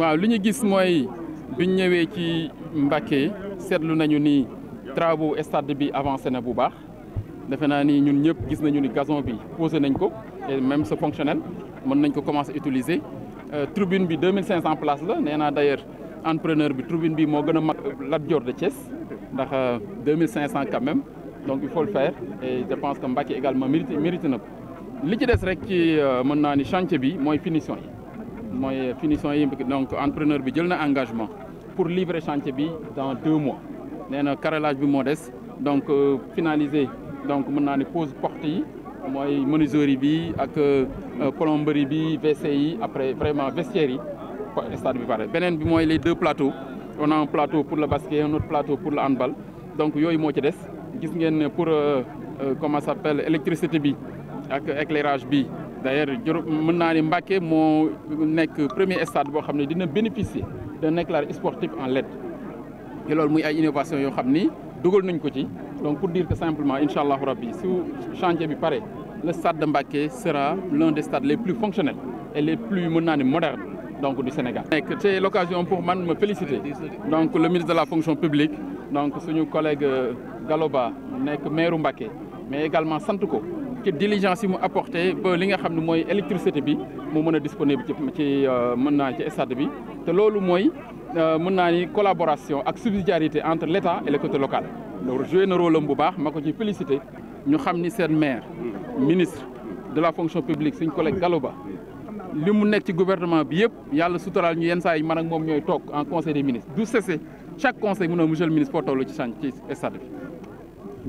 waaw li ñu gis mooy biñ ñëwee ci Mbacké seetlu nañu ni travaux stade bi avancé na bu baax defe naa ni ñun ñëpp gis nañu ni gazon bi posé nañ ko et même c'est fonctionnel mën nañ ko commencer utiliser euh, tribune bi 2500 places la nee naa d'ailleurs entrepreneur bi tribune bi moo gën a mag Lat Dior de Thiès ndax 2500 euh, quand même donc il faut le faire et je pense que Mbacké également mérite mérite li ci des rek ci euh, mën naa ni chantier bi mooy finition yi mooy finition yi donc entrepreneur bi jël na engagement pour libre chantier bi dans deux mois nee na carrelage bi moo des donc euh, finaliser donc mën naa ni pose porte yi mooy menuiserie bi ak euh, plomberie bi WC yi après vraiment vestiaire yi stade bi pare beneen bi mooy les deux plateaux on a un plateau pour le basket un autre plateau pour le handball donc yooyu moo ci des gis ngeen pour comment ça s'appelle électricité bi ak éclairage bi d' ailleurs mën naa ni Mbacké moo nekk premier stade boo xam ne dina bénéficier d'un éclairage sportif en LED te muy ay innovation yoo xam ni dugal nañ ko ci donc pour dire que simplement incha allahu rabbi su chantier bi pare le stade de Mbacké sera l'un des stades les plus fonctionnels et les plus mën naa ni modernes donc du Sénégal. nekk c'est l'occasion pour man ma féliciter donc le ministre de la fonction publique donc suñu collègue Galoba euh, nekk maire Mbacké mais également sant ko. ci diligence yi mu apporté ba li nga xam ne mooy électricité bi mu mën a disponible ci ci euh, mën naa ci stade bi te loolu mooy euh, mën naa ni collaboration ak subsidiarité entre l' état et local loolu joué na bu baax ma ko ci félicité ñu xam ni seen maire ministre de la fonction publique suñ collègue Gallo Ba li mu nekk ci gouvernement bi yëpp yàlla suturaal ñu yenn saa yi man moom ñooy toog en conseil des ministres du cessé chaque conseil mu ne monsieur le ministre foo toll ci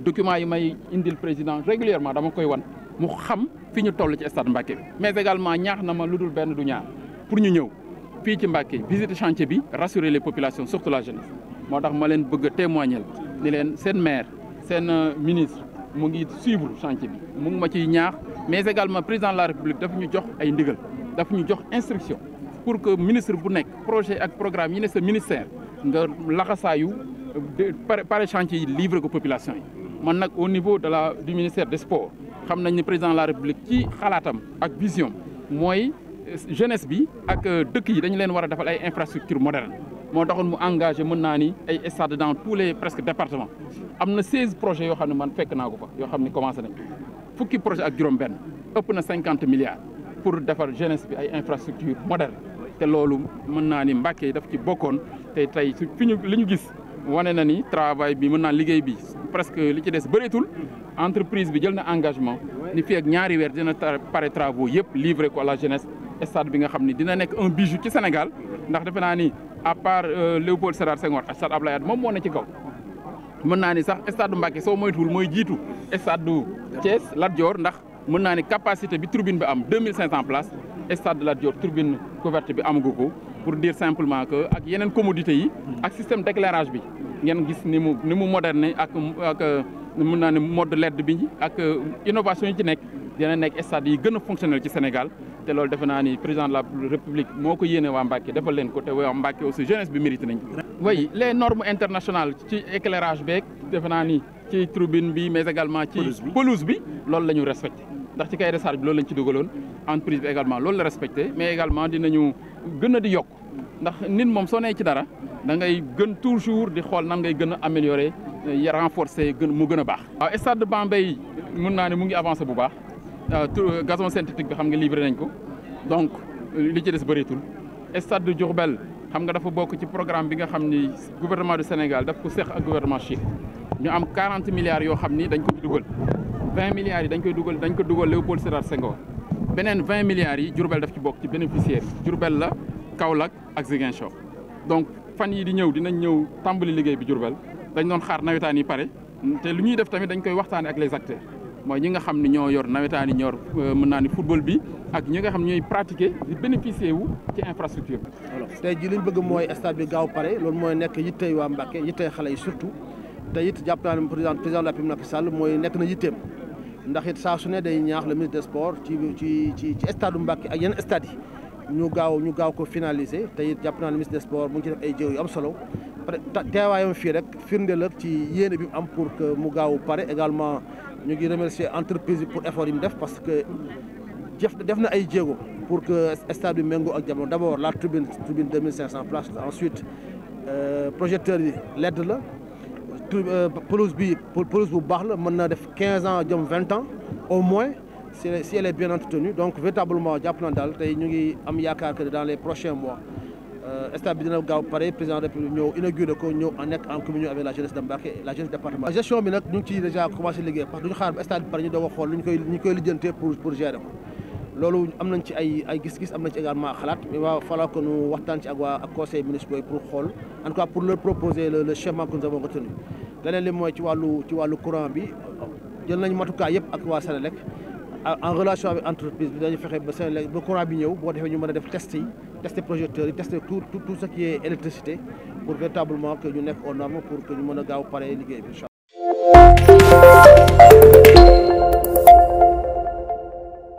document yi may indil président régulièrement dama koy wan mu xam fi ñu toll ci stade Mbacké mais également ñaax na ma lu dul benn du ñaar pour ñu ñëw fii ci Mbacké visiter chantier bi rassurer le populations surtout la jeunesse moo tax ma leen bëgg a témoigner ni leen seen maire seen euh, ministre mu ngi suivre chantier bi mu ngi ma ciy ñaax mais également président de la république dafa ñu jox ay ndigal daf ñu jox instruction pour que ministre bu nekk projet ak programme yi ne sa ministère nga laxasaayu euh, pare chantier yi livrer ko population yi man nag au niveau de la du ministère de sports xam nañ ne président la république ci xalaatam ak vision mooy euh, jeunesse bi ak euh, dëkk yi dañu leen war a defal ay infrastructure moderne moo taxoon mu engagé mën naa ni ay stade dans tous les presque départements am na seize projet yoo xam ne man fekk naa ko fa yoo xam ni commencé nañ fukki projet ak juróom benn ëpp na cinquante milliards pour defar jeunesse bi ay infrastructure moderne te loolu mën naa ni Mbàkke daf ci bokkoon tey li ñu gis wane na ni travail bi mën naa liggéey bi presque li ci des bëreetul entreprise bi jël na engagement ni fii ñaari weer dina pare travaux yëpp livré ko la jeunesse stade bi nga xam ni dina nekk un bijou ci Sénégal ndax defe naa ni à part euh, Léopold Sédar Senghor stade Abdoulaye Wade moom moo ne ci kaw. mën naa ni sax stade du Mbacké soo moytuwul mooy jiitu stade du Thiès Lat ndax mën naa ni capacité bi tribune bi am 2500 places stade de Lat Dior tribune couverte bi amagu ko. pour dire simplement que ak yeneen commodité yi ak système d'éclairage bi ngeen gis ni mu ni mu moderne ak ak euh, mun naa ne mode LED bi ak euh, innovation yi ci nekk dina nekk stade yi gën a fonctionnel ci Sénégal te loolu defe naa ni président de la République moo ko yéene wa Mbacké defal leen ko te waa Mbacké aussi jeunesse bi mérite nañ oui les norme internationales ci éclairage beeg defe naa ni ci tribune bi mais également ci pelouse bi loolu la ñu respecté ndax ci kay de loolu lañ ci dugaloon entreprise bi également loolu la respecté mais également dinañu gën a di yokk ndax nit moom soo nee ci dara da ngay gën toujours di xool nan ngay gën a améliorer ya euh, renforcer gën mu gën a baax. waaw stade de Bambey mun naa ne mu ngi avancé bu baax euh, euh, gazon synthétique bi xam nga livré nañ ko donc li ci des bëreetul stade de Diourbel xam nga dafa bokk ci programme bi nga xam ni gouvernement du Sénégal daf ko seq ak gouvernement Chine ñu am 40 milliards yoo xam ni dañ ko dugal. vingt milliards yi dañ koy dugal dañ ko dugal Léopold Sédar Senghor beneen milliards yi Diourbel def ci bokk ci bénéficiaires yi Diourbel la Kaolack ak Ziguinchor donc fan yi di ñëw dinañ ñëw tàmbali liggéey bi Diourbel dañ doon xaar nawetaan yi pare te lu ñuy def tamit dañ koy waxtaane ak les acteurs mooy ñi nga xam ne ñoo yor nawetaan yi ñor euh, mën naa ni football bi ak ñi nga xam ñooy pratiquer di bénéficier wu ci infrastructure bi. voilà tey bëgg mooy stade bi gaaw pare loolu mooy nekk yittey waa xale yi surtout te it jàpp naa ne président président de na yitteem. ndax it saa su ne day ñaax la ministre des sports ci ci ci ci stade Mbacké ak yenn stade ñu gaaw ñu gaaw ko finaliser te it jàpp naa ne ministre des sports mu ngi ci def ay jëw yu am solo teewaayam fii rek firndeel ak ci yéene bi am pour que mu gaaw pare également ñu gi remercier entreprise pour effort yi mu def parce que jëf def na ay jéego pour que stade bi méngoo ak jamono d' abord la tribune tribune 2500 places ensuite euh, projecteur yi LED la. Euh, pelouse bi pelouse bu baax la mën na def quinze ans jëm vingt ans au moins si si elle bien entretenue donc véritablement jàpp na daal tey ñu ngi am yaakaar que dans les prochains mois euh, stade bi dina gaaw pare président République ñëw inauguré ko ñëw en nekk en communion avec la jeunesse de la jeunesse département gestion bi nag ñu ngi ciy déjà commencé liggéey parce que duñu ñu a xool lu ñu koy lu ñu koy lijjantee pour pour gérer loolu am nañ ci ay ay gis-gis am nañ ci également xalaat mais va falloir que nu waxtaan ci ak waa ak conseil municipal pour xool en tout li mooy ci wàllu courant bi jël nañ matukaay yëpp ak waa Sénélec en relation avec entreprise bi dañu fexe ba Sénélec ba courant bi ñëw boo defee ñu mën a def test yi tester projecteurs yi tester tout tout ce qui est électricité pour véritablement que ñu nekk aux pour que ñu mën a gaaw pare liggéey bi